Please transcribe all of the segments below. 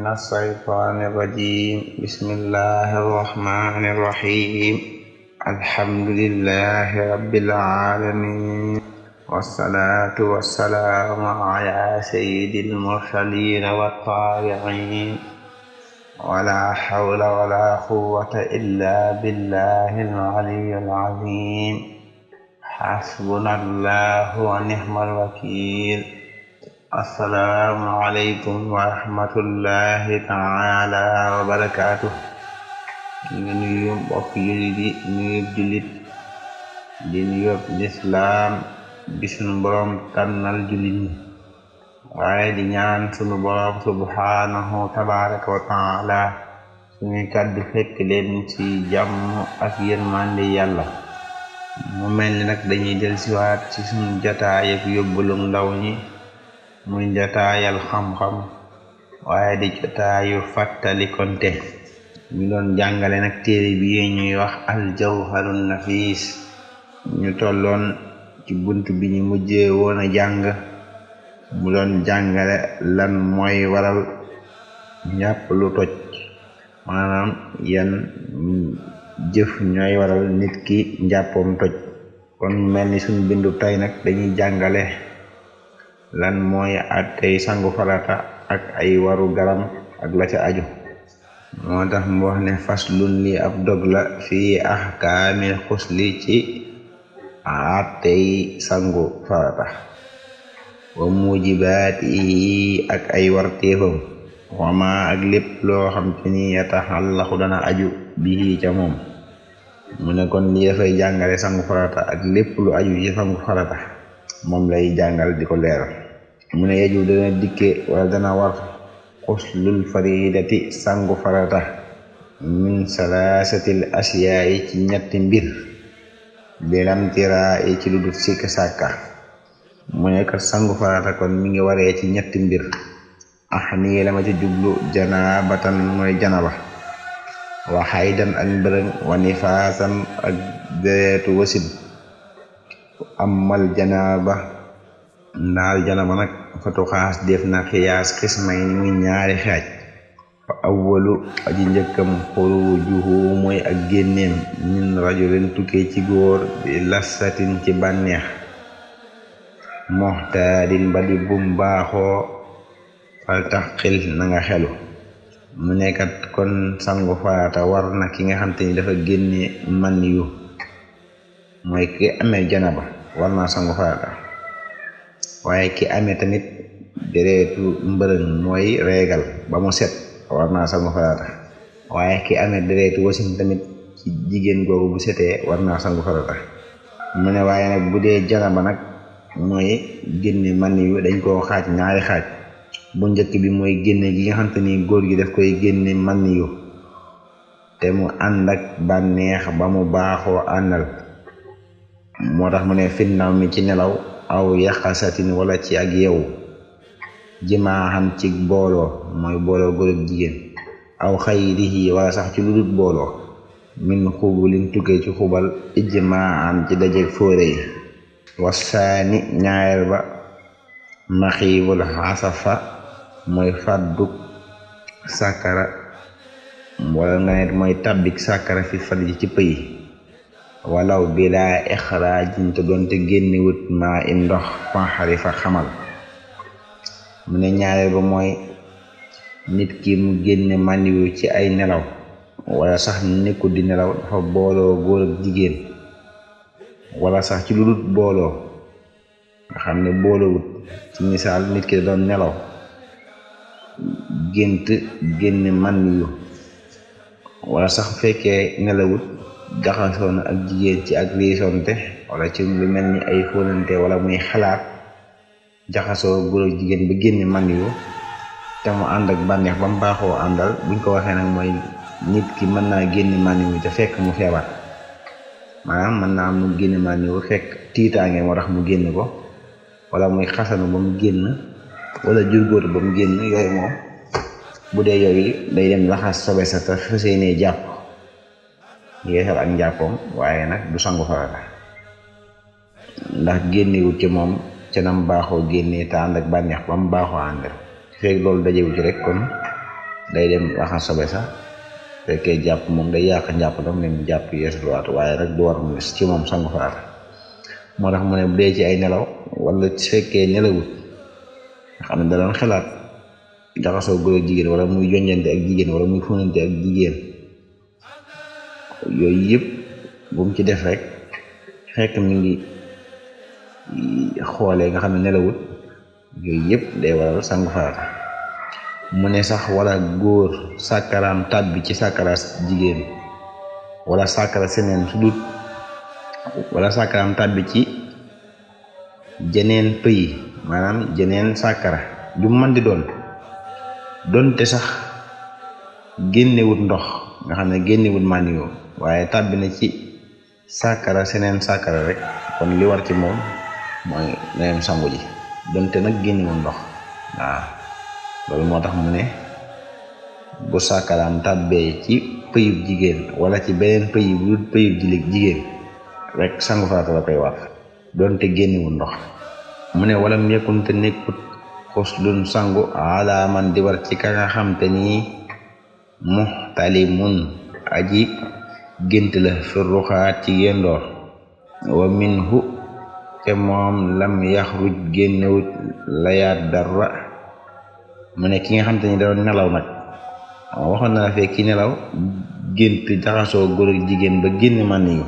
من الشيطان الرجيم بسم الله الرحمن الرحيم الحمد لله رب العالمين والصلاة والسلام على سيد المرسلين والطاغين ولا حول ولا قوة إلا بالله العلي العظيم حسبنا الله ونعم الوكيل assalaamu aleykum wa rahmatullahi taala wa barakaatu ñu nuyu mbokk jullit yi nuyu jullit di nuyu lislaam bi sunu boroom tànnal jullit ñi di ñaan sunu boroom subhaanahu tabaraka wa taala suñuy kàddu fekk leen ci jàmm ak yërmande yàlla mu mel ni nag dañuy del siwaat ci sunu jataay ak yóbbalu ndaw ñi muy jataayal xam-xam waaye di jataayu fàttalikonte ñu doon jàngale nag téere bi ñuy wax na nafis ñu tolloon ci bunt bi ñu mujjee woon jàng mu loon jàngale lan mooy waral njàpp lu toj maanaam yan jëf ñooy waral nit ki njàppam toj kon mel ni suñ bindu tey nag dañuy jàngale lan mooy attey sangu farata ak ay waru garam ak la ca aju moo tax mu wax ne faslun li ab dog la fii axkaamil li ci attey sangu farata wa mujibaatihi ak ay warteefam wama ak lépp loo xam te ni yataxallaxu dana aju bii ca moom mu kon li dafay jàngale sangu farata ak lépp lu aju ci sangu farata moom lay jàngal di ko leeral mu ne yeju dana dikke wala dana war xuslul faridati sangu farata min salaasatil asiyaayi ci ñetti mbir bilam tiraa yi ci lu dul sikk sàkka mu ne kat sangu farata kon mi ngi waree ci ñetti mbir ax nii la ma ci jublu mooy janaba wa ak mbërëng wa nifaasan wasin amal janaaba ndaal janaba nag fatuxaas def na xiyaas xismay ni muy ñaari xaaj fa awwalu aji njëkkam xurujuhu mooy ak génneem min rajulin tukkee ci góor bi lasatin ci bànneex moxtaadin ba di bum baaxoo fal tax xil na xelu mu nekkat kon sangu farata war na ki nga xam te ni dafa génne man yu mooy ki amee janaba war waaye ki amee tamit deretu mbërëng mooy reegal ba mu set war naa sangu farata waaye ki amee deretu wasin tamit ci jigéen googu bu setee war naa sangu farata mu ne waaye nag bu dee janaba nag mooy génne man yu dañ koo xaaj ñaari xaaj bu njëkk bi mooy génne gi nga xam te ni góor gi daf koy génne man yu te mu ànd ak bànneex ba mu baaxoo àndal moo tax mu ne finnaw mi ci nelaw aw yaqasatin wala ci ak yeewu jimaaxan ci booloo mooy booloo góor jigéen aw xayrihi wala sax ci lu dul booloo min xubulin tukkee ci xubal ijmaaxan ci dajeeg fóore yi wasaani ñaareel ba maxiibul xasafa mooy fàdduk sàkkara wala nga net mooy tàbbik sàkkara fi fal ji ci pëyi walaw bila ixraajin te doonte génne wut maa in ndox fanxari xamal mu ne ñaareel ba mooy nit ki mu génne màndiwu ci ay nelaw wala sax nekku di nelaw dafa booloo góor wala sax ci lu dul booloo nga xam ne booloowut ci misaal nit ki doon nelaw gént génne màndiwu wala sax fekkee nelawut jaxasoon ak jigéen ci ak riisonte wala ci lu mel ni ay fóonante wala muy xalaat jaxasoo góor ak jigéen ba génne man yu te mu ànd ak bànneex ba mu baaxoo àndal buñ ko waxee nag mooy nit ki mën naa génn man yu te fekk mu feebar maanaam mën naa am mu génn man yu fekk tiitaange moo tax mu génn ko wala muy xasanu ba mu génn wala jurgóotu ba mu génn yooyu moom bu dee yooyu day dem laxas sobe sa te fas yéenee jàpp yeesal ak njàppoom waaye nag du sangu farata ndax génnewut ci moom ca nam baaxoo génne te ànd ak bànneex ba mu baaxoo àndal feeg loolu dajewu ci rek kon day dem raxas sobe sax fekkee jàpp moom day yàq njàpp dam ne mu jàpp yeesaluwaatu waaye rek du war mu ci moom sangu farata moo tax mu ne bu ay nelaw wala su fekkee nelawut xam ne da doon xalaat jaxasoo góor jigéen wala muy jonjante ak jigéen wala muy fóonante ak jigéen yooyu yëpp bu ci def rek fekk mi ngi xoolee nga xam ne nelawul yooyu yépp day waral sangu farata mu ne sax wala góor sàkkaraam tàbbi ci sàkkara jigéen wala sàkkara seneen su wala sàkkaraam tàbbi ci jeneen pëyi maanaam jeneen sàkkara ju mën di doon donte sax génnewut ndox nga xam ne génnewut màndiwoo waaye tàbbi na ci sakara seneen sakara rek kon li war ci moom mooy neem sangu ji donte nag génnewul ndox waaw loolu moo tax mu ne bu sàkkaraam tàbbee ci pëyub jigéen wala ci beneen pëyub bu dul jigéen rek sangu fa la koy war donte génnewul ndox mu ne wala mu yëkkun te nekkut xuslun sangu ala man di war ci ka nga xam te nii muxtalimun aji gént la fi ruxaat ci yendoor wa minhu te moom lam yaxruj génnewut layaat dara mu ne ki nga xamante ni da nelaw nag waxoon na la ki nelaw gént jaxasoo góor jigéen ba génn man yi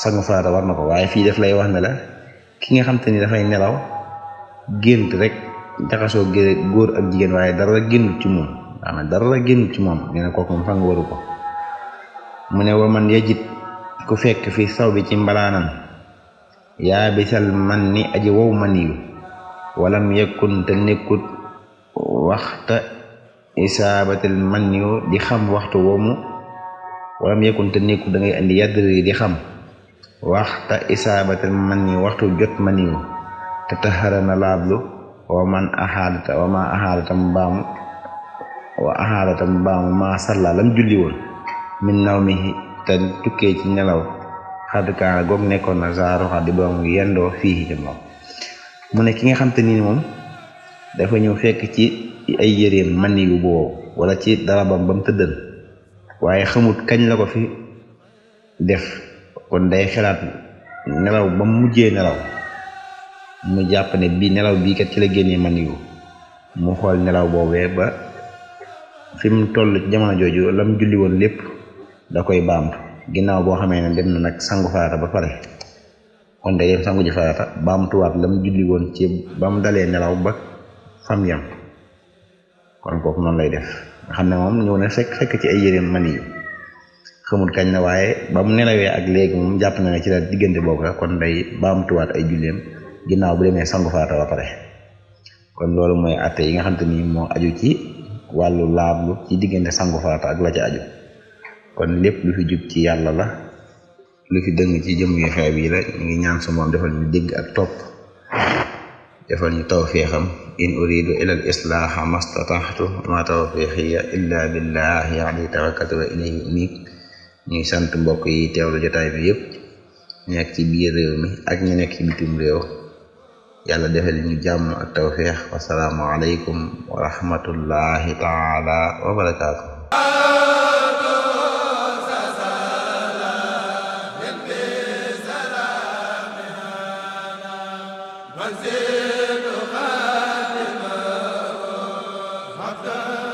sangu farata war na ko waaye fii daf lay wax ne la ki nga xamante ni dafay nelaw gént rek jaxasoo góor ak jigéen waaye dara génn ci moom dara génn ci moom nee na kooku moom sangu waru ko mu ne wa man yajid ku fekk fi saw bi ci mbalaanam yaa bisal man ni aji wow man yu walam yekkun te nekkut waxta isaabatil man yu di xam waxtu womu walam yekkun te nekkut da ngay andi di xam waxta isaabatil man yu waxtu jot man yu te taxara na laablu wa man axaadata wa axaadata mbaamu wa axaadata mbaamu maa salla lam julli woon min nawmihi te nelaw xadd nekkoon na saaru xaddi mu yendoo fii ci moom ne ki nga xam te ni moom dafa ñëw fekk ci ay yëreem man yu boobu wala ci darabam ba mu tëddal waaye xamut kañ la ko fi def kon day xelaat nelaw ba mu mujjee nelaw mu jàpp ne bii nelaw bi kat ci la génnee man yu mu xool nelaw boobee ba fi mu toll jamono jooju la mu julli woon lépp da koy baamtu ginnaaw boo xamee ne dem na nag sangu farata ba pare kon day dem sangu ji farata baamtuwaat woon ci ba mu dalee nelaw ba fam yam kon kooku noonu lay def xam ne moom ñëw na fekk ci ay yéreem man yi xamul kañ waaye ba mu nelawee ak léegi moom jàpp na ci la diggante boobu la kon day baamtuwaat ay julleem ginnaaw bu demee sangu farata ba pare kon loolu mooy atte yi nga xam te ni moo aju ci wàllu laablu ci diggante sangu farata ak la ca aju kon lépp lu fi jub ci yàlla la lu fi dëng ci jëm yu xeeb yi ngi ñaan su moom defal ñu dégg ak topp defal ñu tawfiixam in uridu ila al islaaha mastataxtu ma tawfiixiya illa billah alayhi tawakkaltu wa ilayhi uniib ñuy sant mbokk yi teewlu jotaay bi yëpp ñu nekk ci biir réew mi yàlla defal ñu jàmm ak tawfiix wasalaamu aleykum wa rahmatullahi taala wa barakaatu ata